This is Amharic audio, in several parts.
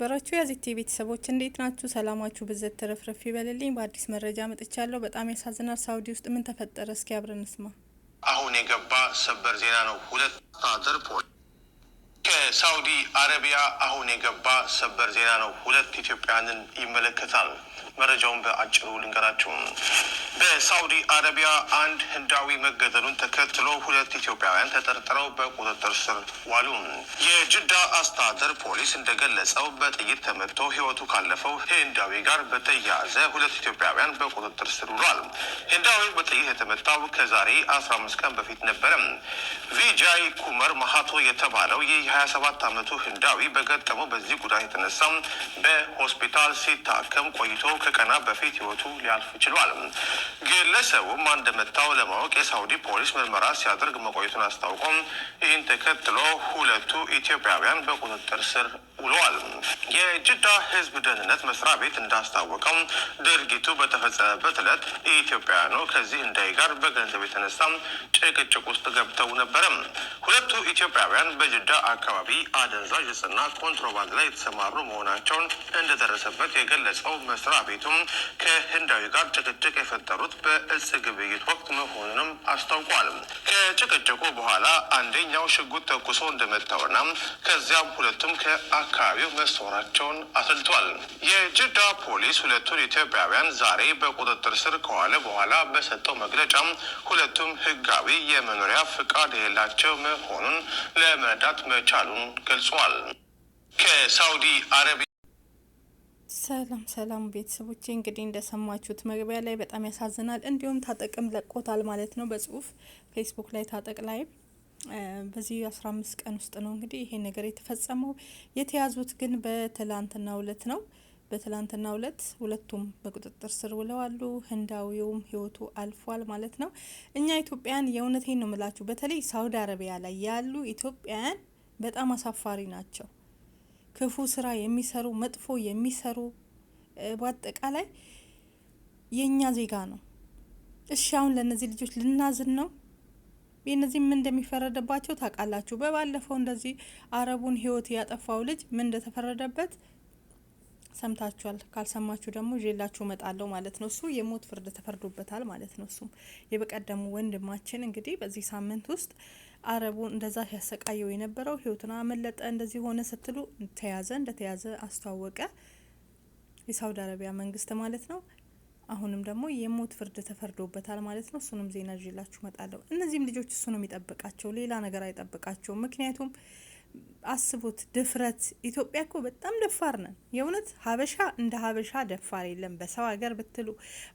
በራችሁ ያዜቴ ቤተሰቦች እንዴት ናችሁ? ሰላማችሁ ብዘት ተረፍረፍ ይበልልኝ። በአዲስ መረጃ መጥቻለሁ። በጣም ያሳዝናል። ሳውዲ ውስጥ ምን ተፈጠረ? እስኪ አብረን እንስማ። አሁን የገባ ሰበር ዜና ነው። ሁለት ወታደር ከሳውዲ አረቢያ አሁን የገባ ሰበር ዜና ነው። ሁለት ኢትዮጵያንን ይመለከታል። መረጃውን በአጭሩ ልንገራችሁ። በሳውዲ አረቢያ አንድ ህንዳዊ መገደሉን ተከትሎ ሁለት ኢትዮጵያውያን ተጠርጥረው በቁጥጥር ስር ዋሉ። የጅዳ አስተዳደር ፖሊስ እንደገለጸው በጥይት ተመትቶ ህይወቱ ካለፈው ህንዳዊ ጋር በተያያዘ ሁለት ኢትዮጵያውያን በቁጥጥር ስር ውሏል። ህንዳዊው በጥይት የተመታው ከዛሬ አስራ አምስት ቀን በፊት ነበረ። ቪጃይ ኩመር ማሀቶ የተባለው ይህ የሀያ ሰባት አመቱ ህንዳዊ በገጠመው በዚህ ጉዳት የተነሳ በሆስፒታል ሲታከም ቆይቶ ከቀና በፊት ህይወቱ ሊያልፍ ችሏል። ግለሰቡም መታው ለማወቅ የሳውዲ ፖሊስ ምርመራ ሲያደርግ መቆየቱን አስታውቆም ይህን ተከትሎ ሁለቱ ኢትዮጵያውያን በቁጥጥር ስር ውሏል። የጅዳ ህዝብ ደህንነት መስሪያ ቤት እንዳስታወቀው ድርጊቱ በተፈጸመበት ዕለት ነው ከዚህ እንዳይ ጋር በገንዘብ የተነሳ ጭቅጭቅ ውስጥ ገብተው ነበረ። ሁለቱ ኢትዮጵያውያን በጅዳ አካባቢ አደንዛዥ እጽና ኮንትሮባንድ ላይ የተሰማሩ መሆናቸውን እንደደረሰበት የገለጸው መስሪያ ቤቱም ከህንዳዊ ጋር ጭቅጭቅ የፈጠሩት በእጽ ግብይት ወቅት መሆኑንም አስታውቋል። ከጭቅጭቁ በኋላ አንደኛው ሽጉጥ ተኩሶ እንደመታውና ከዚያም ሁለቱም ከአ አካባቢው መሰወራቸውን አስልቷል። የጅዳ ፖሊስ ሁለቱን ኢትዮጵያውያን ዛሬ በቁጥጥር ስር ከዋለ በኋላ በሰጠው መግለጫ ሁለቱም ህጋዊ የመኖሪያ ፍቃድ የሌላቸው መሆኑን ለመረዳት መቻሉን ገልጿል። ከሳውዲ አረቢያ ሰላም ሰላም ቤተሰቦቼ፣ እንግዲህ እንደሰማችሁት መግቢያ ላይ በጣም ያሳዝናል። እንዲሁም ታጠቅም ለቆታል ማለት ነው። በጽሁፍ ፌስቡክ ላይ ታጠቅ ላይ በዚህ አስራ አምስት ቀን ውስጥ ነው እንግዲህ ይሄ ነገር የተፈጸመው። የተያዙት ግን በትላንትናው እለት ነው። በትላንትናው እለት ሁለቱም በቁጥጥር ስር ውለዋሉ። ህንዳዊውም ህይወቱ አልፏል ማለት ነው። እኛ ኢትዮጵያን የእውነቴን ነው የምላችሁ፣ በተለይ ሳውዲ አረቢያ ላይ ያሉ ኢትዮጵያን በጣም አሳፋሪ ናቸው። ክፉ ስራ የሚሰሩ መጥፎ የሚሰሩ በአጠቃላይ የእኛ ዜጋ ነው። እሺ አሁን ለእነዚህ ልጆች ልናዝን ነው? እነዚህ ምን እንደሚፈረደባቸው ታውቃላችሁ። በባለፈው እንደዚህ አረቡን ህይወት ያጠፋው ልጅ ምን እንደተፈረደበት ሰምታችኋል። ካልሰማችሁ ደግሞ ዤላችሁ እመጣለሁ ማለት ነው። እሱ የሞት ፍርድ ተፈርዶበታል ማለት ነው። እሱም የበቀደሙ ወንድማችን እንግዲህ በዚህ ሳምንት ውስጥ አረቡ እንደዛ ሲያሰቃየው የነበረው ህይወቱን አመለጠ፣ እንደዚህ ሆነ ስትሉ ተያዘ። እንደተያዘ አስተዋወቀ የሳውዲ አረቢያ መንግስት ማለት ነው። አሁንም ደግሞ የሞት ፍርድ ተፈርዶበታል ማለት ነው። እሱንም ዜና ይዤላችሁ እመጣለሁ። እነዚህም ልጆች እሱ ነው የሚጠብቃቸው፣ ሌላ ነገር አይጠብቃቸውም። ምክንያቱም አስቡት ድፍረት። ኢትዮጵያ እኮ በጣም ደፋር ነን። የእውነት ሀበሻ እንደ ሀበሻ ደፋር የለም። በሰው ሀገር ብትሉ፣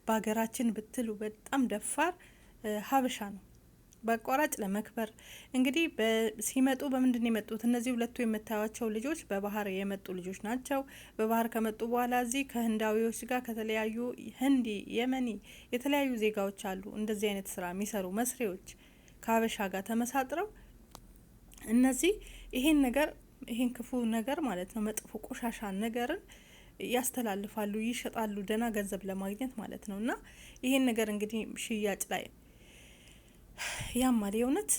በሀገራችን ብትሉ በጣም ደፋር ሀበሻ ነው። በአቋራጭ ለመክበር እንግዲህ ሲመጡ በምንድን የመጡት እነዚህ ሁለቱ የምታዩቸው ልጆች በባህር የመጡ ልጆች ናቸው። በባህር ከመጡ በኋላ እዚህ ከህንዳዊዎች ጋር ከተለያዩ ህንዲ፣ የመኒ የተለያዩ ዜጋዎች አሉ እንደዚህ አይነት ስራ የሚሰሩ መስሪዎች ከሀበሻ ጋር ተመሳጥረው እነዚህ ይሄን ነገር ይሄን ክፉ ነገር ማለት ነው መጥፎ ቆሻሻ ነገርን ያስተላልፋሉ፣ ይሸጣሉ፣ ደህና ገንዘብ ለማግኘት ማለት ነው እና ይሄን ነገር እንግዲህ ሽያጭ ላይ ያማል የእውነት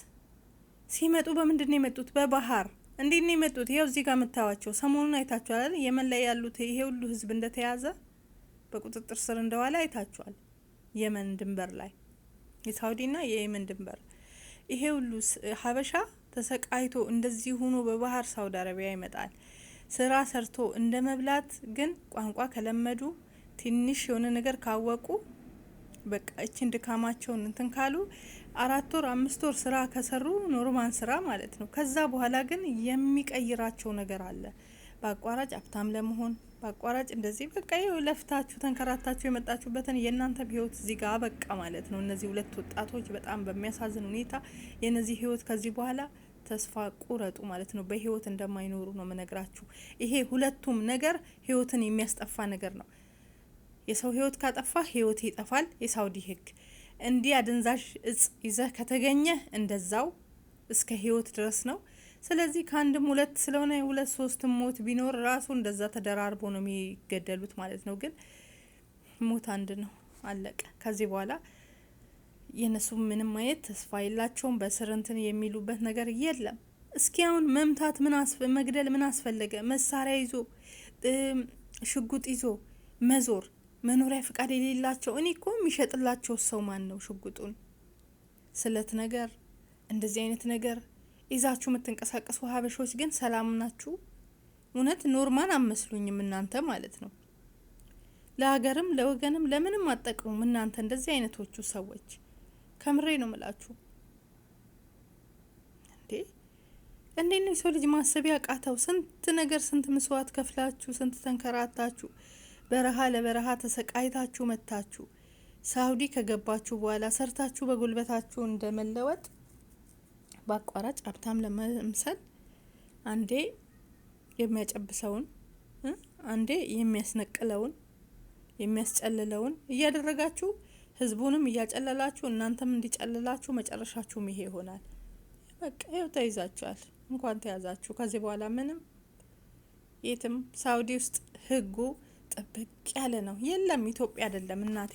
ሲመጡ በምንድን ነው የመጡት? በባህር እንዴት ነው የመጡት? ይኸው እዚህ ጋር የምታዋቸው ሰሞኑን አይታችኋል። የመን ላይ ያሉት ይሄ ሁሉ ህዝብ እንደተያዘ በቁጥጥር ስር እንደዋለ አይታችኋል። የመን ድንበር ላይ የሳውዲና የየመን ድንበር ይሄ ሁሉ ሀበሻ ተሰቃይቶ እንደዚህ ሆኖ በባህር ሳውዲ አረቢያ ይመጣል። ስራ ሰርቶ እንደ መብላት ግን ቋንቋ ከለመዱ ትንሽ የሆነ ነገር ካወቁ በቃ እችን ድካማቸውን እንትን ካሉ አራት ወር አምስት ወር ስራ ከሰሩ ኖርማን ስራ ማለት ነው። ከዛ በኋላ ግን የሚቀይራቸው ነገር አለ። በአቋራጭ ሀብታም ለመሆን በአቋራጭ እንደዚህ በቃ ይኸው ለፍታችሁ ተንከራታችሁ የመጣችሁበትን የእናንተ ህይወት እዚህ ጋር በቃ ማለት ነው። እነዚህ ሁለት ወጣቶች በጣም በሚያሳዝን ሁኔታ የእነዚህ ህይወት ከዚህ በኋላ ተስፋ ቁረጡ ማለት ነው። በህይወት እንደማይኖሩ ነው ምነግራችሁ። ይሄ ሁለቱም ነገር ህይወትን የሚያስጠፋ ነገር ነው። የሰው ህይወት ካጠፋ ህይወት ይጠፋል። የሳውዲ ህግ እንዲህ አደንዛዥ እጽ ይዘህ ከተገኘ እንደዛው እስከ ህይወት ድረስ ነው። ስለዚህ ከአንድም ሁለት ስለሆነ ሁለት ሶስትም ሞት ቢኖር ራሱ እንደዛ ተደራርቦ ነው የሚገደሉት ማለት ነው። ግን ሞት አንድ ነው፣ አለቀ። ከዚህ በኋላ የነሱ ምንም ማየት ተስፋ የላቸውም። በስር እንትን የሚሉበት ነገር የለም። እስኪ አሁን መምታት ምን መግደል ምን አስፈለገ? መሳሪያ ይዞ ሽጉጥ ይዞ መዞር መኖሪያ ፍቃድ የሌላቸው እኔ እኮ የሚሸጥላቸው ሰው ማን ነው? ሽጉጡን ስለት ነገር እንደዚህ አይነት ነገር ይዛችሁ የምትንቀሳቀሱ ሀበሾች ግን ሰላም ናችሁ? እውነት ኖርማን አመስሉኝም እናንተ ማለት ነው። ለሀገርም ለወገንም ለምንም አጠቅሙም እናንተ እንደዚህ አይነቶቹ ሰዎች ከምሬ ነው ምላችሁ። እንዴ እንዴ ነው የሰው ልጅ ማሰብ ያቃተው? ስንት ነገር ስንት ምስዋት ከፍላችሁ ስንት ተንከራታችሁ በረሃ ለበረሃ ተሰቃይታችሁ መታችሁ ሳውዲ ከገባችሁ በኋላ ሰርታችሁ በጉልበታችሁ እንደመለወጥ በአቋራጭ ሀብታም ለመምሰል አንዴ የሚያጨብሰውን አንዴ የሚያስነቅለውን የሚያስጨልለውን እያደረጋችሁ ህዝቡንም እያጨለላችሁ እናንተም እንዲጨልላችሁ መጨረሻችሁም ይሄ ይሆናል። በቃ ይኸው ተይዛችኋል። እንኳን ተያዛችሁ። ከዚህ በኋላ ምንም የትም ሳውዲ ውስጥ ህጉ ጥብቅ ያለ ነው። የለም ኢትዮጵያ አይደለም እናቴ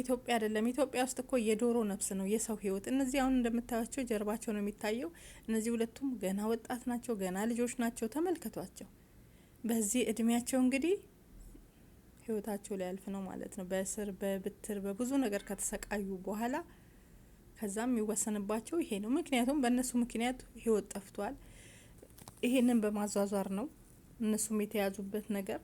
ኢትዮጵያ አይደለም። ኢትዮጵያ ውስጥ እኮ የዶሮ ነፍስ ነው የሰው ህይወት እነዚህ አሁን እንደምታያቸው ጀርባቸው ነው የሚታየው። እነዚህ ሁለቱም ገና ወጣት ናቸው፣ ገና ልጆች ናቸው። ተመልከቷቸው። በዚህ እድሜያቸው እንግዲህ ህይወታቸው ሊያልፍ ነው ማለት ነው። በእስር በብትር በብዙ ነገር ከተሰቃዩ በኋላ ከዛም የሚወሰንባቸው ይሄ ነው። ምክንያቱም በእነሱ ምክንያት ህይወት ጠፍቷል። ይሄንን በማዟዟር ነው እነሱም የተያዙበት ነገር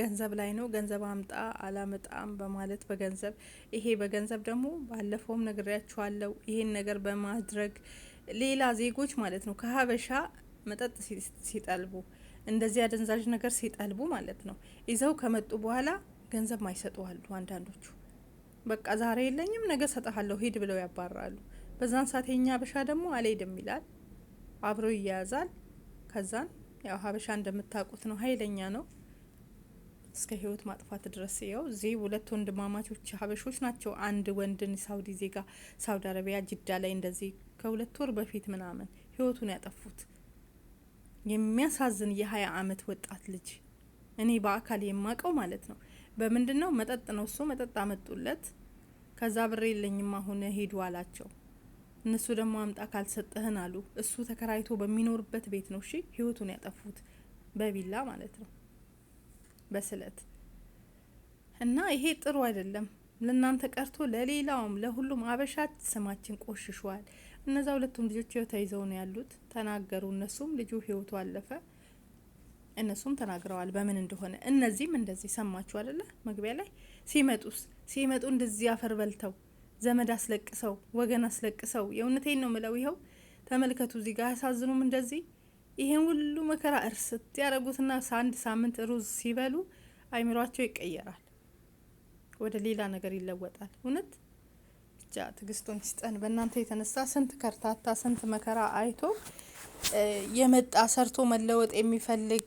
ገንዘብ ላይ ነው። ገንዘብ አምጣ አላመጣም በማለት በገንዘብ ይሄ በገንዘብ ደግሞ ባለፈውም ነግሬያችኋለሁ። ይሄን ነገር በማድረግ ሌላ ዜጎች ማለት ነው ከሀበሻ መጠጥ ሲጠልቡ እንደዚህ አደንዛዥ ነገር ሲጠልቡ ማለት ነው ይዘው ከመጡ በኋላ ገንዘብ ማይሰጡ አሉ። አንዳንዶቹ በቃ ዛሬ የለኝም ነገ ሰጠሃለሁ ሂድ ብለው ያባራሉ። በዛን ሰዓት የኛ ሀበሻ ደግሞ አልሄድም ይላል። አብሮ ይያያዛል። ከዛን ያው ሀበሻ እንደምታውቁት ነው፣ ኃይለኛ ነው እስከ ህይወት ማጥፋት ድረስ። ያው እዚህ ሁለት ወንድማማቾች ሀበሾች ናቸው። አንድ ወንድን ሳውዲ ዜጋ ሳውዲ አረቢያ ጅዳ ላይ እንደዚህ ከሁለት ወር በፊት ምናምን ህይወቱን ያጠፉት የሚያሳዝን የሀያ አመት ወጣት ልጅ እኔ በአካል የማቀው ማለት ነው። በምንድን ነው መጠጥ ነው እሱ መጠጥ አመጡለት። ከዛ ብር የለኝም አሁን ሄዱ አላቸው። እነሱ ደግሞ አምጣ ካልሰጠህን አሉ። እሱ ተከራይቶ በሚኖርበት ቤት ነው እሺ፣ ህይወቱን ያጠፉት በቢላ ማለት ነው በስለት እና ይሄ ጥሩ አይደለም። ለእናንተ ቀርቶ ለሌላውም ለሁሉም አበሻት ስማችን ቆሽሿል። እነዛ ሁለቱም ልጆች ተይዘው ነው ያሉት ተናገሩ። እነሱም ልጁ ህይወቱ አለፈ። እነሱም ተናግረዋል በምን እንደሆነ። እነዚህም እንደዚህ ሰማችሁ አይደለ? መግቢያ ላይ ሲመጡስ ሲመጡ እንደዚህ አፈር በልተው ዘመድ አስለቅሰው ወገን አስለቅሰው፣ የእውነቴን ነው ምለው። ይኸው ተመልከቱ፣ እዚህ ጋር አያሳዝኑም? እንደዚህ ይሄን ሁሉ መከራ እርስት ያደረጉትና አንድ ሳምንት ሩዝ ሲበሉ አይምሯቸው ይቀየራል፣ ወደ ሌላ ነገር ይለወጣል። እውነት ብቻ ትዕግስቱን ይስጠን። በእናንተ የተነሳ ስንት ከርታታ ስንት መከራ አይቶ የመጣ ሰርቶ መለወጥ የሚፈልግ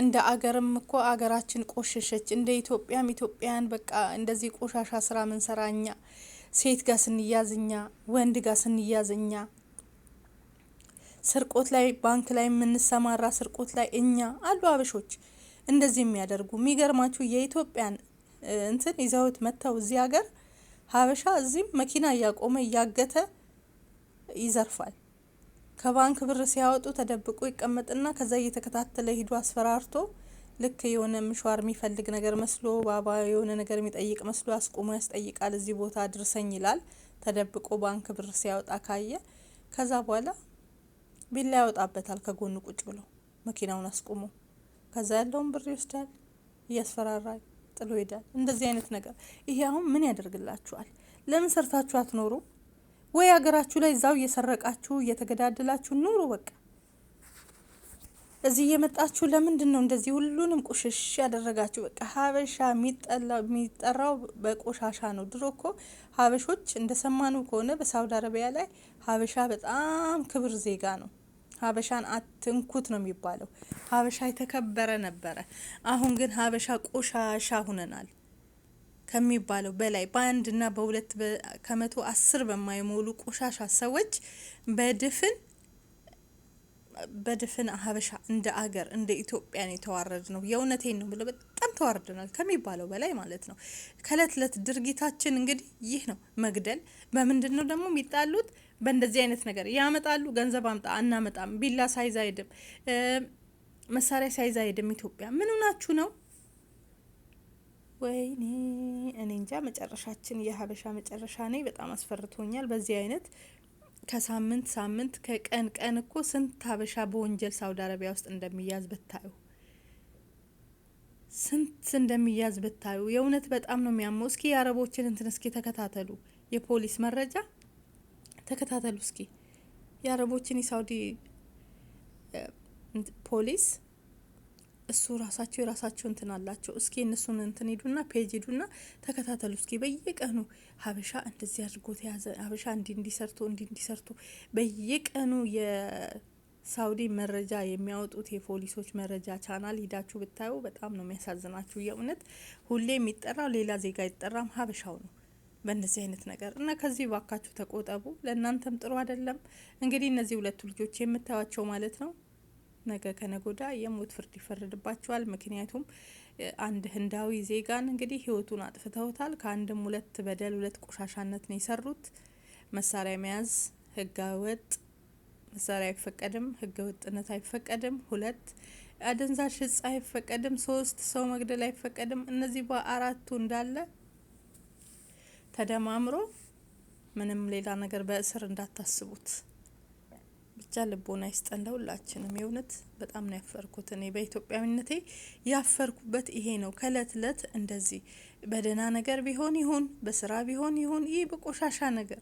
እንደ አገርም እኮ አገራችን ቆሸሸች። እንደ ኢትዮጵያም ኢትዮጵያን በቃ እንደዚህ ቆሻሻ ስራ ምንሰራኛ ሴት ጋር ስንያዝኛ፣ ወንድ ጋር ስንያዝኛ፣ ስርቆት ላይ ባንክ ላይ የምንሰማራ ስርቆት ላይ እኛ አሉ አበሾች እንደዚህ የሚያደርጉ የሚገርማችሁ የኢትዮጵያን እንትን ይዘውት መጥተው እዚህ ሀገር ሀበሻ እዚህም መኪና እያቆመ እያገተ ይዘርፋል። ከባንክ ብር ሲያወጡ ተደብቆ ይቀመጥና ከዛ እየተከታተለ ሂዶ አስፈራርቶ ልክ የሆነ ምሽዋር የሚፈልግ ነገር መስሎ ባባ የሆነ ነገር የሚጠይቅ መስሎ አስቆሞ ያስጠይቃል። እዚህ ቦታ አድርሰኝ ይላል። ተደብቆ ባንክ ብር ሲያወጣ ካየ ከዛ በኋላ ቢላ ያወጣበታል ከጎኑ ቁጭ ብሎ መኪናውን አስቆሞ ከዛ ያለውን ብር ይወስዳል። እያስፈራራ ጥሎ ይሄዳል። እንደዚህ አይነት ነገር ይሄ አሁን ምን ያደርግላችኋል? ለምን ሰርታችሁ አትኖሩ ወይ? ሀገራችሁ ላይ እዛው እየሰረቃችሁ እየተገዳደላችሁ ኑሩ በቃ። እዚህ እየመጣችሁ ለምንድን ነው እንደዚህ ሁሉንም ቁሽሽ ያደረጋችሁ? በቃ ሀበሻ የሚጠራው በቆሻሻ ነው። ድሮ እኮ ሀበሾች እንደሰማኑ ከሆነ በሳውዲ አረቢያ ላይ ሀበሻ በጣም ክብር ዜጋ ነው። ሀበሻን አትንኩት ነው የሚባለው። ሀበሻ የተከበረ ነበረ። አሁን ግን ሀበሻ ቆሻሻ ሁነናል ከሚባለው በላይ በአንድና በሁለት ከመቶ አስር በማይሞሉ ቆሻሻ ሰዎች በድፍን በድፍን ሀበሻ እንደ አገር እንደ ኢትዮጵያን የተዋረድ ነው። የእውነቴን ነው ብሎ በጣም ተዋርደናል ከሚባለው በላይ ማለት ነው። ከእለት እለት ድርጊታችን እንግዲህ ይህ ነው መግደል። በምንድን ነው ደግሞ የሚጣሉት? በእንደዚህ አይነት ነገር ያመጣሉ። ገንዘብ አምጣ አናመጣም፣ ቢላ ሳይዝ አይድም፣ መሳሪያ ሳይዝ አይድም። ኢትዮጵያ ምን ሆናችሁ ነው? ወይኔ እኔ እንጃ። መጨረሻችን የሀበሻ መጨረሻ ነኝ። በጣም አስፈርቶኛል በዚህ አይነት ከሳምንት ሳምንት ከቀን ቀን እኮ ስንት ሀበሻ በወንጀል ሳውዲ አረቢያ ውስጥ እንደሚያዝ ብታዩ ስንት እንደሚያዝ ብታዩ፣ የእውነት በጣም ነው የሚያመው። እስኪ የአረቦችን እንትን እስኪ ተከታተሉ፣ የፖሊስ መረጃ ተከታተሉ እስኪ የአረቦችን የሳውዲ ፖሊስ እሱ ራሳቸው የራሳቸው እንትን አላቸው። እስኪ እነሱን እንትን ሄዱና ፔጅ ሄዱና ተከታተሉ። እስኪ በየቀኑ ሀበሻ እንደዚህ አድርጎ ተያዘ፣ ሀበሻ እንዲ እንዲሰርቶ እንዲ እንዲሰርቶ በየቀኑ የሳውዲ መረጃ የሚያወጡት የፖሊሶች መረጃ ቻናል ሂዳችሁ ብታዩ በጣም ነው የሚያሳዝናችሁ። የእውነት ሁሌ የሚጠራው ሌላ ዜጋ አይጠራም፣ ሀበሻው ነው በእነዚህ አይነት ነገር እና ከዚህ ባካችሁ ተቆጠቡ። ለእናንተም ጥሩ አይደለም። እንግዲህ እነዚህ ሁለቱ ልጆች የምታዩቸው ማለት ነው ነገ ከነጎዳ የሞት ፍርድ ይፈረድባቸዋል። ምክንያቱም አንድ ህንዳዊ ዜጋን እንግዲህ ህይወቱን አጥፍተውታል። ከአንድም ሁለት በደል ሁለት ቆሻሻነት ነው የሰሩት። መሳሪያ መያዝ ህገወጥ መሳሪያ አይፈቀድም፣ ወጥነት አይፈቀድም። ሁለት አደንዛዥ እጽ አይፈቀድም። ሶስት ሰው መግደል አይፈቀድም። እነዚህ በአራቱ እንዳለ ተደማምሮ ምንም ሌላ ነገር በእስር እንዳታስቡት። ብቻ ልቦና ይስጠን ለሁላችንም። የእውነት በጣም ነው ያፈርኩት እኔ በኢትዮጵያዊነቴ ያፈርኩበት ይሄ ነው። ከእለት እለት እንደዚህ በደህና ነገር ቢሆን ይሁን በስራ ቢሆን ይሁን ይህ በቆሻሻ ነገር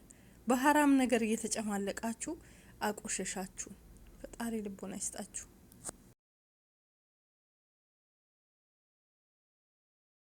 በሀራም ነገር እየተጨማለቃችሁ አቆሸሻችሁ። ፈጣሪ ልቦና ይስጣችሁ።